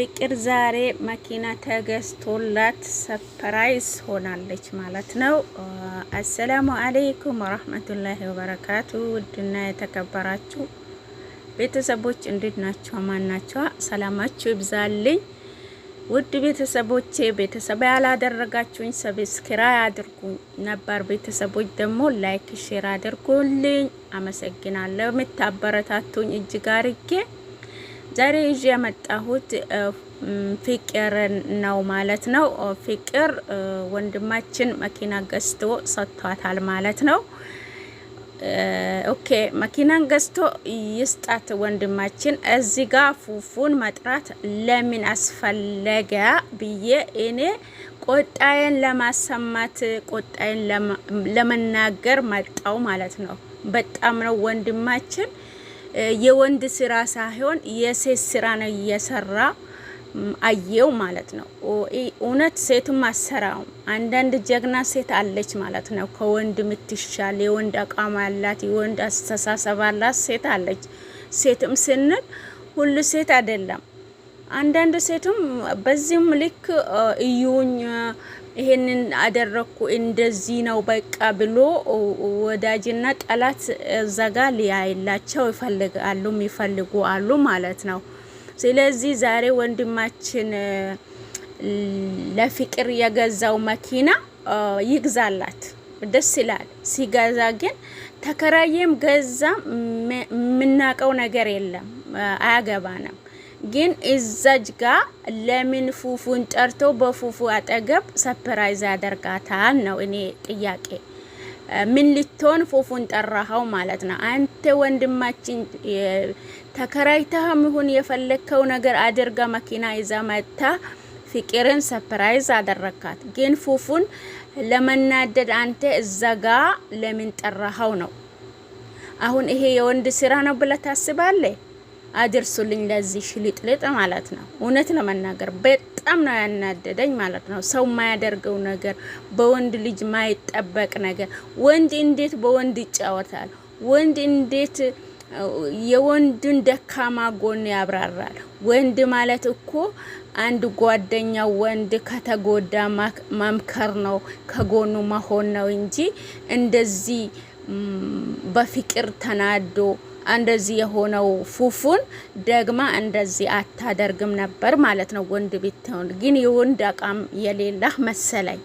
ፍቅር ዛሬ መኪና ተገዝቶላት ሰፕራይዝ ሆናለች ማለት ነው። አሰላሙ አለይኩም ወራህመቱላሂ ወበረካቱ። ውድና የተከበራችሁ ቤተሰቦች እንዴት ናቸው? ማናቸው? ሰላማችሁ ይብዛልኝ። ውድ ቤተሰቦቼ ቤተሰብ ያላደረጋችሁኝ ሰብስክራይብ አድርጉኝ፣ ነባር ቤተሰቦች ደግሞ ላይክ ሼር አድርጉልኝ። አመሰግናለሁ የምታበረታቱኝ እጅግ አርጌ ዛሬ ይዤ የመጣሁት ፍቅር ነው ማለት ነው። ፍቅር ወንድማችን መኪና ገዝቶ ሰጥቷታል ማለት ነው። ኦኬ መኪናን ገዝቶ ይስጣት ወንድማችን። እዚህ ጋ ፉፉን መጥራት ለምን አስፈለገ ብዬ እኔ ቆጣዬን ለማሰማት ቆጣዬን ለመናገር መጣው ማለት ነው። በጣም ነው ወንድማችን የወንድ ስራ ሳይሆን የሴት ስራ ነው እየሰራ አየው ማለት ነው። እውነት ሴትም አሰራውም አንዳንድ ጀግና ሴት አለች ማለት ነው። ከወንድ የምትሻል የወንድ አቋም ያላት የወንድ አስተሳሰብ አላት ሴት አለች። ሴትም ስንል ሁሉ ሴት አይደለም። አንዳንድ ሴትም በዚህም ልክ እዩኝ ይሄንን አደረግኩ እንደዚህ ነው በቃ ብሎ ወዳጅና ጠላት እዛ ጋር ሊያይላቸው ይፈልጋሉ የሚፈልጉ አሉ ማለት ነው። ስለዚህ ዛሬ ወንድማችን ለፍቅር የገዛው መኪና ይግዛላት ደስ ይላል። ሲገዛ ግን ተከራየም ገዛ የምናውቀው ነገር የለም አያገባንም። ግን እዛጅ ጋ ለምን ፉፉን ጠርቶ በፉፉ አጠገብ ሰፕራይዝ ያደርጋታል ነው እኔ ጥያቄ። ምን ልትሆን ፉፉን ጠራኸው ማለት ነው? አንተ ወንድማችን ተከራይተህም ይሁን የፈለግከው ነገር አድርጋ መኪና ይዛ መታ ፍቅርን ሰፕራይዝ አደረካት። ግን ፉፉን ለመናደድ አንተ እዛ ጋ ለምን ጠራኸው ነው? አሁን ይሄ የወንድ ስራ ነው ብለህ ታስባለህ? አድርሱልኝ ለዚህ ሽልጥልጥ ማለት ነው። እውነት ለመናገር በጣም ነው ያናደደኝ ማለት ነው። ሰው የማያደርገው ነገር፣ በወንድ ልጅ ማይጠበቅ ነገር። ወንድ እንዴት በወንድ ይጫወታል? ወንድ እንዴት የወንድን ደካማ ጎን ያብራራል? ወንድ ማለት እኮ አንድ ጓደኛው ወንድ ከተጎዳ መምከር ነው፣ ከጎኑ መሆን ነው እንጂ እንደዚህ በፍቅር ተናዶ እንደዚህ የሆነው ፉፉን ደግማ እንደዚህ አታደርግም ነበር ማለት ነው። ወንድ ብትሆን ግን የወንድ አቋም የሌላህ መሰለኝ።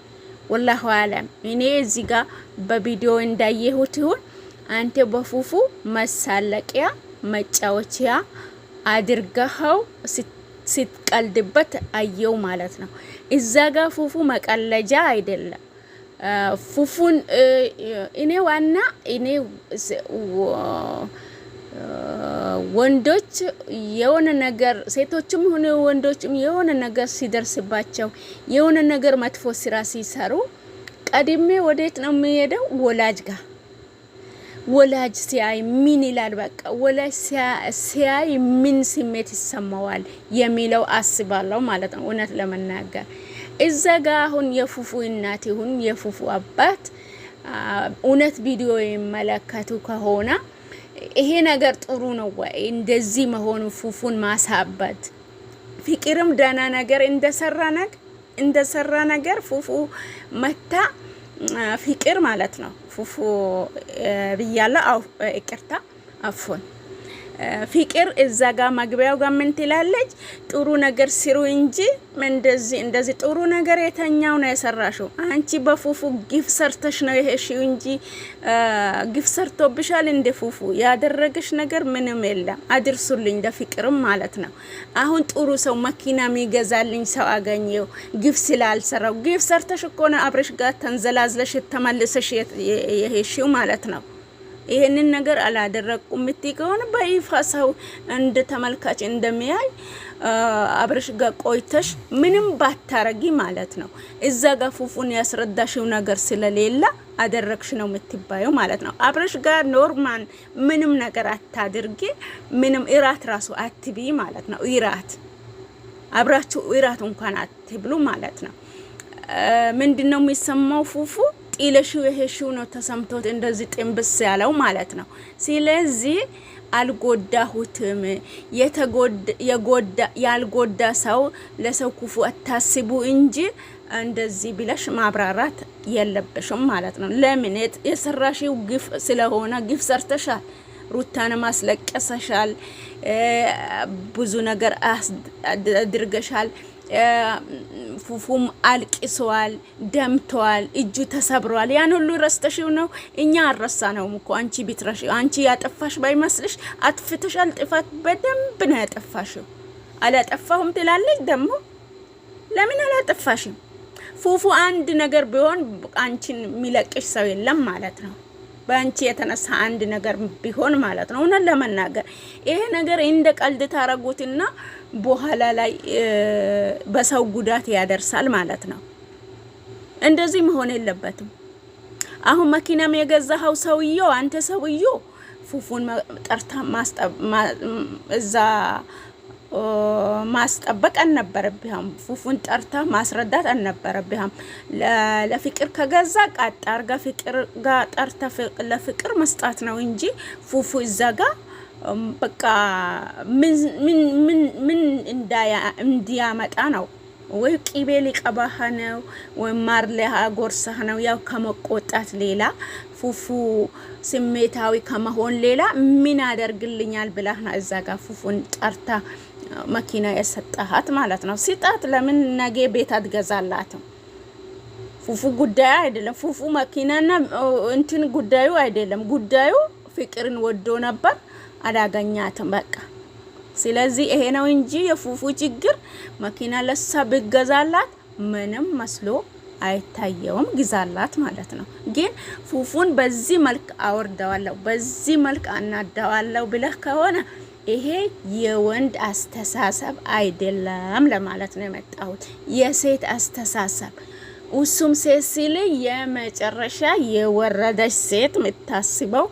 ወላሁ አለም እኔ እዚህ ጋር በቪዲዮ እንዳየሁት ይሁን አንተ በፉፉ መሳለቂያ መጫወቻ አድርገኸው ስትቀልድበት አየው ማለት ነው። እዛ ጋር ፉፉ መቀለጃ አይደለም። ፉፉን እኔ ዋና እኔ ወንዶች የሆነ ነገር ሴቶችም ሆነ ወንዶችም የሆነ ነገር ሲደርስባቸው የሆነ ነገር መጥፎ ስራ ሲሰሩ ቀድሜ ወዴት ነው የሚሄደው? ወላጅ ጋር። ወላጅ ሲያይ ምን ይላል? በቃ ወላጅ ሲያይ ምን ስሜት ይሰማዋል የሚለው አስባለሁ ማለት ነው። እውነት ለመናገር እዛ ጋ አሁን የፉፉ እናት ይሁን የፉፉ አባት እውነት ቪዲዮ የሚመለከቱ ከሆነ ይሄ ነገር ጥሩ ነው ወይ? እንደዚህ መሆኑ ፉፉን ማሳበት ፍቅርም ደህና ነገር እንደሰራ ነገር እንደሰራ ነገር ፉፉ መታ ፍቅር ማለት ነው። ፉፉ አው ይቅርታ አፎን ፍቅር እዛ ጋር መግቢያው ጋር ምን ትላለች? ጥሩ ነገር ስሩ እንጂ እንደዚህ እንደዚህ ጥሩ ነገር የተኛው ነው የሰራሽው። አንቺ በፉፉ ግፍ ሰርተሽ ነው የሄድሽው እንጂ ግፍ ሰርቶብሻል። እንደ ፉፉ ያደረገሽ ነገር ምንም የለም። አድርሱልኝ ለፍቅርም ማለት ነው። አሁን ጥሩ ሰው መኪና የሚገዛልኝ ሰው አገኘው ግፍ ስላልሰራው። ግፍ ሰርተሽ እኮ ነው አብረሽ ጋር ተንዘላዝለሽ ተመልሰሽ የሄድሽው ማለት ነው። ይሄንን ነገር አላደረኩም እምትይ ከሆነ በይፋ ሰው እንደ ተመልካች እንደሚያይ አብረሽ ጋር ቆይተሽ ምንም ባታረጊ ማለት ነው። እዛ ጋር ፉፉን ያስረዳሽው ነገር ስለሌለ አደረግሽ ነው የምትባዩ ማለት ነው። አብረሽ ጋር ኖርማን ምንም ነገር አታድርጊ፣ ምንም እራት ራሱ አትቢ ማለት ነው። እራት አብራችሁ እራት እንኳን አትብሉ ማለት ነው። ምንድነው የሚሰማው ፉፉ ጥለሽው የሄድሽው ነው ተሰምቶት እንደዚህ ጥንብስ ያለው ማለት ነው። ስለዚህ አልጎዳሁትም። ያልጎዳ ሰው ለሰው ክፉ አታስቡ እንጂ እንደዚህ ብለሽ ማብራራት የለበሽም ማለት ነው። ለምን የሰራሽው ግፍ ስለሆነ ግፍ ሰርተሻል። ሩታን ማስለቀሰሻል። ብዙ ነገር አድርገሻል። ፉፉም አልቅሰዋል፣ ደምተዋል፣ እጁ ተሰብረዋል። ያን ሁሉ ረስተሽው ነው። እኛ አረሳ ነው እኮ አንቺ ቢትረሽ አንቺ ያጠፋሽ ባይመስልሽ አጥፍተሻል። ጥፋት በደንብ ነው ያጠፋሽው። አላጠፋሁም ትላለች ደግሞ ለምን አላጠፋሽም? ፉፉ አንድ ነገር ቢሆን አንቺን የሚለቅሽ ሰው የለም ማለት ነው። በአንቺ የተነሳ አንድ ነገር ቢሆን ማለት ነው። እውነት ለመናገር ይሄ ነገር እንደ ቀልድ ታረጉትና በኋላ ላይ በሰው ጉዳት ያደርሳል ማለት ነው። እንደዚህ መሆን የለበትም። አሁን መኪናም የገዛኸው ሰውየው አንተ ሰውየው ፉፉን ጠርታ እዛ ማስጠበቅ አልነበረብህም። ፉፉን ጠርታ ማስረዳት አልነበረብህም። ለፍቅር ከገዛ ቃጣ አርጋ ፍቅር ጋር ጠርታ ለፍቅር መስጣት ነው እንጂ ፉፉ እዛ ጋር በቃ ምን እንዲያመጣ ነው? ወይ ቂቤ ሊቀባህ ነው? ወይ ማር ሊያጎርስህ ነው? ያው ከመቆጣት ሌላ ፉፉ ስሜታዊ ከመሆን ሌላ ምን አደርግልኛል ብላህ ነው እዛ ጋር ፉፉን ጠርታ መኪና የሰጠሃት ማለት ነው። ሲጣት ለምን ነገ ቤት አትገዛላትም? ፉፉ ጉዳዩ አይደለም። ፉፉ መኪናና እንትን ጉዳዩ አይደለም። ጉዳዩ ፍቅርን ወዶ ነበር። አላገኛትም። በቃ ስለዚህ ይሄ ነው እንጂ የፉፉ ችግር መኪና ለሳ ብገዛላት ምንም መስሎ አይታየውም። ግዛላት ማለት ነው። ግን ፉፉን በዚህ መልክ አወርደዋለሁ፣ በዚህ መልክ አናደዋለሁ ብለህ ከሆነ ይሄ የወንድ አስተሳሰብ አይደለም ለማለት ነው የመጣሁት። የሴት አስተሳሰብ እሱም ሴት ሲል የመጨረሻ የወረደች ሴት የምታስበው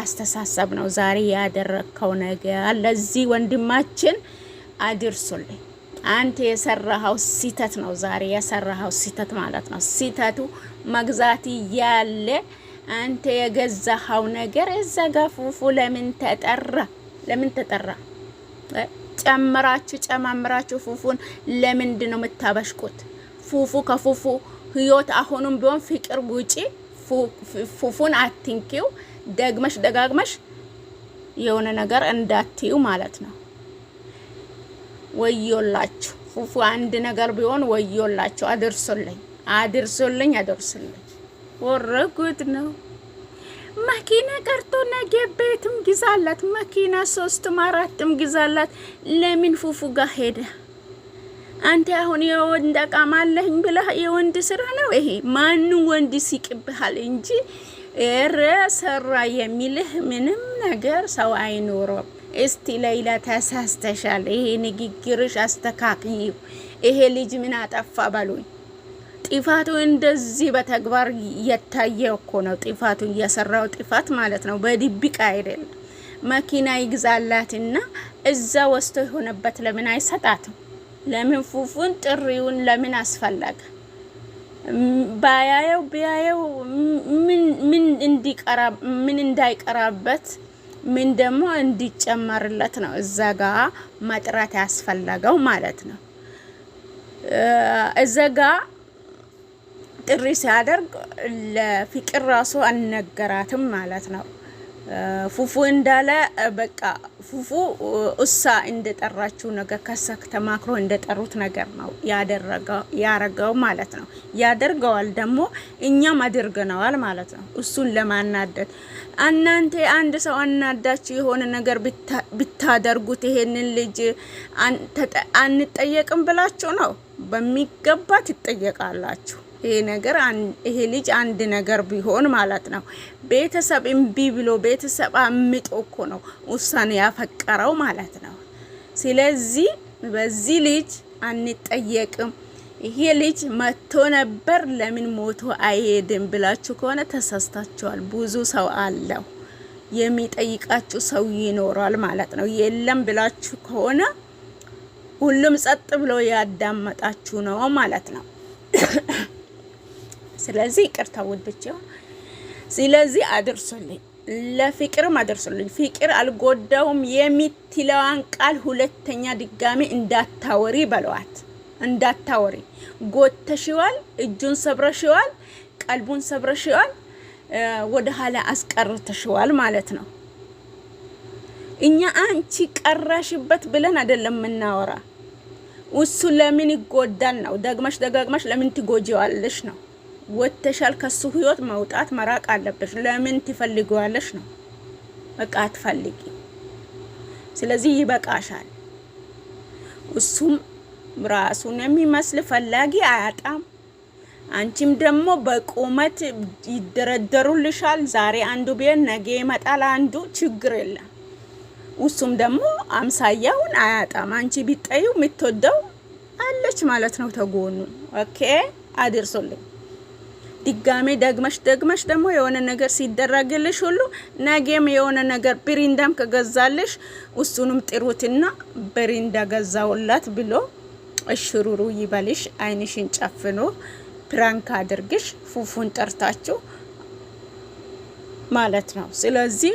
አስተሳሰብ ነው ዛሬ ያደረግከው ነገር። ለዚህ ወንድማችን አድርሱልኝ። አንተ የሰራኸው ስህተት ነው ዛሬ የሰራኸው ስህተት ማለት ነው። ስህተቱ መግዛት እያለ አንተ የገዛኸው ነገር እዛ ጋር ለምን ተጠራ? ለምን ተጠራ? ጨምራችሁ ጨማምራችሁ ፉፉን ለምንድን ነው የምታበሽቁት? ፉፉ ከፉፉ ህይወት አሁንም ቢሆን ፍቅር ውጪ ፉፉን አትንኪው። ደግመሽ ደጋግመሽ የሆነ ነገር እንዳትዩ ማለት ነው። ወዮላችሁ ፉፉ፣ አንድ ነገር ቢሆን ወዮላችሁ። አድርሶልኝ አድርሶልኝ አድርሱልኝ። ወረጉድ ነው። መኪና ቀርቶ ነገ ቤትም ግዛላት፣ መኪና ሶስትም አራትም ግዛላት። ለምን ፉፉ ጋር ሄደ? አንተ አሁን የወንድ አቃማለኝ ብለህ የወንድ ስራ ነው ይሄ። ማንም ወንድ ሲቅብሃል እንጂ እረ ሰራ የሚልህ ምንም ነገር ሰው አይኖረም። እስቲ ለይላ ተሳስተሻል፣ ይሄ ንግግርሽ አስተካክይው፣ ይሄ ልጅ ምን አጠፋ በሉኝ። ጥፋቱ እንደዚህ በተግባር እየታየ እኮ ነው። ጥፋቱ እየሰራው ጥፋት ማለት ነው፣ በድብቅ አይደለም። መኪና ይግዛላትና እዛ ወስቶ የሆነበት ለምን አይሰጣትም? ለምን ፉፉን ጥሪውን ለምን አስፈለገ? ባያየው ቢያየው ምን እንዳይቀራበት ምን ደግሞ እንዲጨመርለት ነው እዛ ጋ መጥራት ያስፈለገው ማለት ነው። እዛ ጋ ጥሪ ሲያደርግ ለፍቅር ራሱ አልነገራትም ማለት ነው። ፉፉ እንዳለ በቃ ፉፉ እሳ እንደጠራችው ነገር ከሰክ ተማክሮ እንደጠሩት ነገር ነው ያረገው ማለት ነው። ያደርገዋል ደግሞ እኛም አድርገነዋል ማለት ነው። እሱን ለማናደድ እናንተ አንድ ሰው አናዳችሁ የሆነ ነገር ብታደርጉት ይሄንን ልጅ አንጠየቅም ብላችሁ ነው። በሚገባ ትጠየቃላችሁ። ይሄ ነገር ይሄ ልጅ አንድ ነገር ቢሆን ማለት ነው። ቤተሰብ እምቢ ብሎ ቤተሰብ አምጦ እኮ ነው ውሳኔ ያፈቀረው ማለት ነው። ስለዚህ በዚህ ልጅ አንጠየቅም። ይሄ ልጅ መጥቶ ነበር ለምን ሞቶ አይሄድም ብላችሁ ከሆነ ተሳስታችኋል። ብዙ ሰው አለው የሚጠይቃችሁ ሰው ይኖራል ማለት ነው። የለም ብላችሁ ከሆነ ሁሉም ጸጥ ብሎ ያዳመጣችሁ ነው ማለት ነው። ስለዚህ ይቅርታ ወድብቼ ስለዚህ አድርሱልኝ፣ ለፍቅርም አድርሱልኝ። ፍቅር አልጎዳውም የሚትለዋን ቃል ሁለተኛ ድጋሚ እንዳታወሪ በለዋት። እንዳታወሪ ጎተሽዋል፣ እጁን ሰብረሽዋል፣ ቀልቡን ሰብረሽዋል፣ ወደ ኋላ አስቀርተሽዋል ማለት ነው። እኛ አንቺ ቀራሽበት ብለን አይደለም የምናወራ። እሱ ለምን ይጎዳል ነው ደግመሽ ደጋግመሽ ለምን ትጎጂዋለሽ ነው። ወተሻል ከሱ ህይወት መውጣት መራቅ አለብሽ። ለምን ትፈልጊዋለሽ ነው? በቃ አትፈልጊ። ስለዚህ ይበቃሻል። እሱም ራሱን የሚመስል ፈላጊ አያጣም። አንቺም ደግሞ በቁመት ይደረደሩልሻል። ዛሬ አንዱ ቤት ነገ ይመጣል አንዱ፣ ችግር የለም። እሱም ደግሞ አምሳያውን አያጣም። አንቺ ቢጠዩ የምትወደው አለች ማለት ነው። ተጎኑ ኦኬ፣ አድርሶልኝ ድጋሜ ደግመሽ ደግመሽ ደግሞ የሆነ ነገር ሲደረግልሽ ሁሉ ነገም የሆነ ነገር ብሪንዳም ከገዛልሽ እሱንም ጥሩትና ብሪንዳ ገዛውላት ብሎ እሽሩሩ ይበልሽ፣ አይንሽን ጨፍኖ ፕራንክ አድርግሽ ፉፉን ጠርታችሁ ማለት ነው። ስለዚህ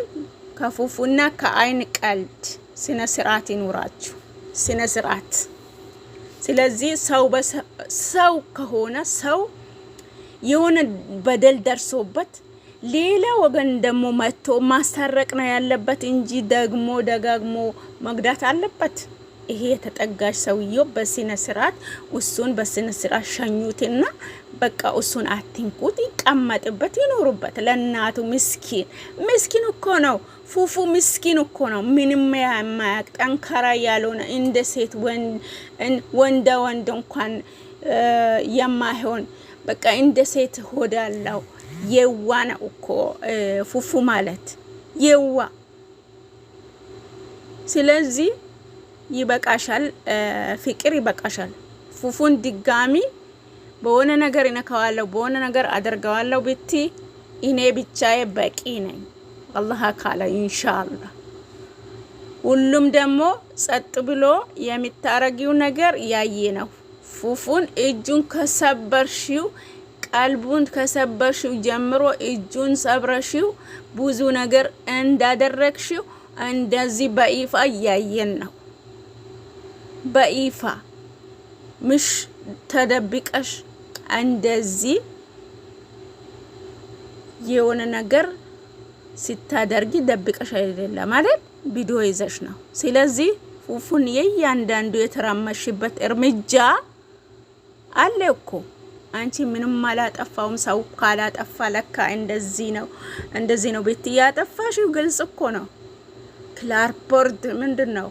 ከፉፉና ከአይን ቀልድ ስነ ስርዓት ይኑራችሁ፣ ስነ ስርዓት። ስለዚህ ሰው ሰው ከሆነ ሰው የሆነ በደል ደርሶበት ሌላ ወገን ደግሞ መጥቶ ማስታረቅ ነው ያለበት እንጂ ደግሞ ደጋግሞ መግዳት አለበት። ይሄ የተጠጋሽ ሰውየው በስነ ስርዓት እሱን በስነ ስርዓት ሸኙትና በቃ እሱን አትንኩት፣ ይቀመጥበት፣ ይኖሩበት። ለእናቱ ምስኪን ምስኪን እኮ ነው ፉፉ፣ ምስኪን እኮ ነው። ምንም የማያቅ ጠንካራ ያልሆነ እንደ ሴት ወንደ ወንድ እንኳን የማይሆን በቃ እንደ ሴት ሆዳለው የዋ ነው እኮ ፉፉ ማለት የዋ። ስለዚህ ይበቃሻል፣ ፍቅር ይበቃሻል። ፉፉን ድጋሚ በሆነ ነገር እነካዋለሁ፣ በሆነ ነገር አደርገዋለሁ ብቲ እኔ ብቻዬ በቂ ነኝ። አላህ ካለ ኢንሻአላ ሁሉም ደግሞ ጸጥ ብሎ የሚታረጊው ነገር ያየ ነው። ፉፉን እጁን ከሰበርሽው ቀልቡን ከሰበርሽው ጀምሮ እጁን ሰብረሽው ብዙ ነገር እንዳደረግሽው እንደዚህ በይፋ እያየን ነው። በይፋ ምሽ ተደብቀሽ እንደዚህ የሆነ ነገር ስታደርጊ ደብቀሽ አይደለም ማለት ቪዲዮ ይዘሽ ነው። ስለዚህ ፉፉን የእያንዳንዱ የተራመሽበት እርምጃ አለ እኮ አንቺ ምንም አላጠፋውም። ሰው ካላጠፋ ለካ እንደዚህ ነው እንደዚህ ነው። ቤት እያጠፋሽው ግልጽ እኮ ነው። ክላርፖርድ ምንድን ነው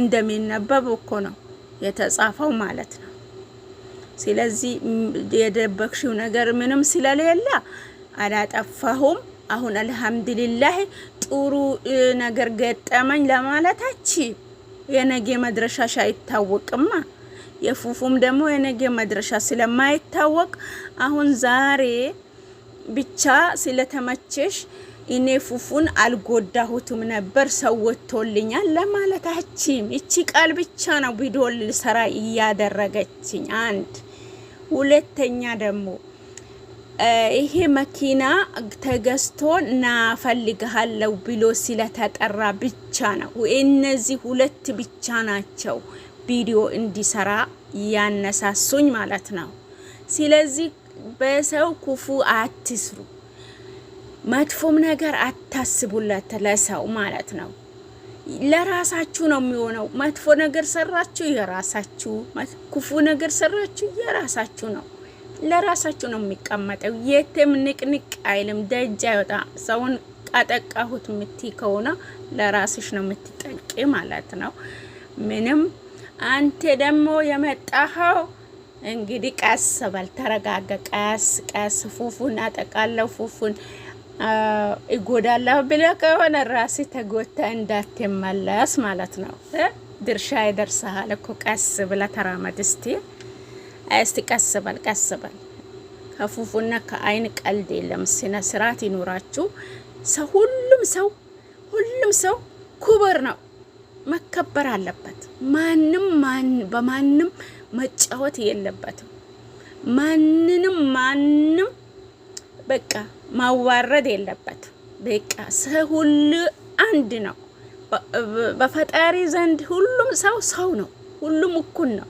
እንደሚነበብ እኮ ነው የተጻፈው ማለት ነው። ስለዚህ የደበቅሽው ነገር ምንም ስለሌለ አላጠፋሁም። አሁን አልሐምዱሊላህ ጥሩ ነገር ገጠመኝ ለማለታች የነገ መድረሻሽ አይታወቅማ። የፉፉም ደግሞ የነገ መድረሻ ስለማይታወቅ አሁን ዛሬ ብቻ ስለተመቸሽ እኔ ፉፉን አልጎዳሁትም ነበር፣ ሰው ወጥቶልኛል ለማለታችም እቺ ቃል ብቻ ነው ቪዲዮን ልሰራ እያደረገችኝ። አንድ ሁለተኛ ደግሞ ይሄ መኪና ተገዝቶ ናፈልግሃለው ብሎ ስለተጠራ ብቻ ነው። እነዚህ ሁለት ብቻ ናቸው ቪዲዮ እንዲሰራ ያነሳሱኝ ማለት ነው። ስለዚህ በሰው ክፉ አትስሩ፣ መጥፎም ነገር አታስቡለት ለሰው ማለት ነው። ለራሳችሁ ነው የሚሆነው። መጥፎ ነገር ሰራችሁ የራሳችሁ፣ ክፉ ነገር ሰራችሁ የራሳችሁ ነው። ለራሳችሁ ነው የሚቀመጠው። የትም ንቅንቅ አይልም፣ ደጅ አይወጣ። ሰውን ቀጠቃሁት ምቲ ከሆነ ለራስሽ ነው የምትጠቂ ማለት ነው ምንም አንተ ደግሞ የመጣኸው እንግዲህ ቀስ በል ተረጋጋ። ቀስ ቀስ ፉፉን አጠቃለሁ ፉፉን እጎዳለሁ ብለህ ከሆነ ራሴ ተጎድተህ እንዳትመለስ ማለት ነው። ድርሻ ይደርሰሃል እኮ ቀስ ብለህ ተራመድ እስቲ። እስቲ ቀስ በል ቀስ በል። ከፉፉና ከአይን ቀልድ የለም። ስነ ስርዓት ይኖራችሁ። ሰው ሁሉም ሰው ሁሉም ሰው ክቡር ነው። መከበር አለበት። ማንም በማንም መጫወት የለበትም። ማንንም ማንም በቃ ማዋረድ የለበት። በቃ ሰው ሁሉ አንድ ነው። በፈጣሪ ዘንድ ሁሉም ሰው ሰው ነው። ሁሉም እኩል ነው።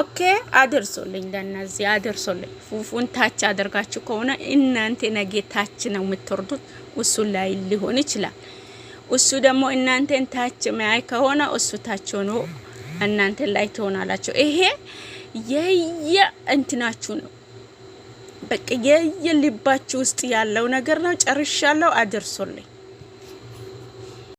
ኦኬ አድርሶልኝ፣ ለእነዚህ አድርሶልኝ። ፉፉን ታች አድርጋችሁ ከሆነ እናንተ ነገ ታች ነው የምትወርዱት። እሱ ላይ ሊሆን ይችላል። እሱ ደግሞ እናንተን ታች ሚያይ ከሆነ እሱ ታች ሆኖ እናንተን ላይ ትሆናላችሁ። ይሄ የየ እንትናችሁ ነው። በቃ የየ ልባችሁ ውስጥ ያለው ነገር ነው። ጨርሻለሁ። አድርሶልኝ